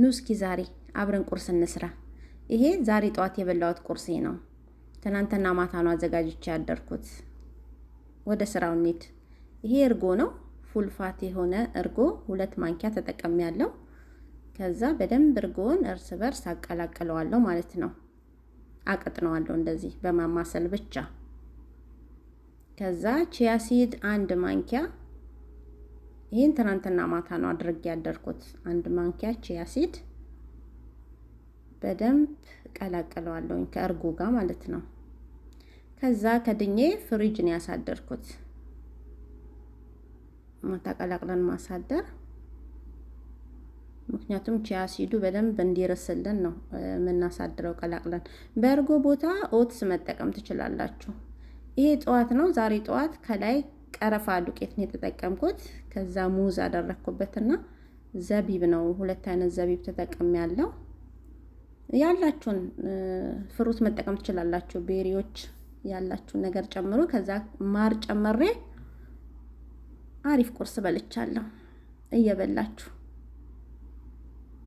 ኑ እስኪ ዛሬ አብረን ቁርስ እንስራ። ይሄ ዛሬ ጠዋት የበላሁት ቁርሴ ነው። ትናንትና ማታ ነው አዘጋጅቼ ያደርኩት። ወደ ስራው እንሂድ። ይሄ እርጎ ነው፣ ፉልፋት የሆነ እርጎ ሁለት ማንኪያ ተጠቀም ያለው። ከዛ በደንብ እርጎውን እርስ በርስ አቀላቅለዋለሁ ማለት ነው። አቀጥነዋለሁ እንደዚህ በማማሰል ብቻ። ከዛ ቺያሲድ አንድ ማንኪያ ይህን ትናንትና ማታ ነው አድርጌ ያደርኩት። አንድ ማንኪያ ቺያ ሲድ በደንብ ቀላቅለዋለሁኝ ከእርጎ ጋር ማለት ነው። ከዛ ከድኜ ፍሪጅ ነው ያሳደርኩት። ማታ ቀላቅለን ማሳደር ምክንያቱም ቺያ ሲዱ በደንብ እንዲረስልን ነው የምናሳድረው ቀላቅለን። በእርጎ ቦታ ኦትስ መጠቀም ትችላላችሁ። ይሄ ጠዋት ነው ዛሬ ጠዋት ከላይ ቀረፋ ዱቄት ነው የተጠቀምኩት። ከዛ ሙዝ አደረግኩበትና ዘቢብ ነው ሁለት አይነት ዘቢብ ተጠቅም ያለው። ያላችሁን ፍሩት መጠቀም ትችላላችሁ። ቤሪዎች ያላችሁን ነገር ጨምሩ። ከዛ ማር ጨመሬ አሪፍ ቁርስ በልቻለሁ። እየበላችሁ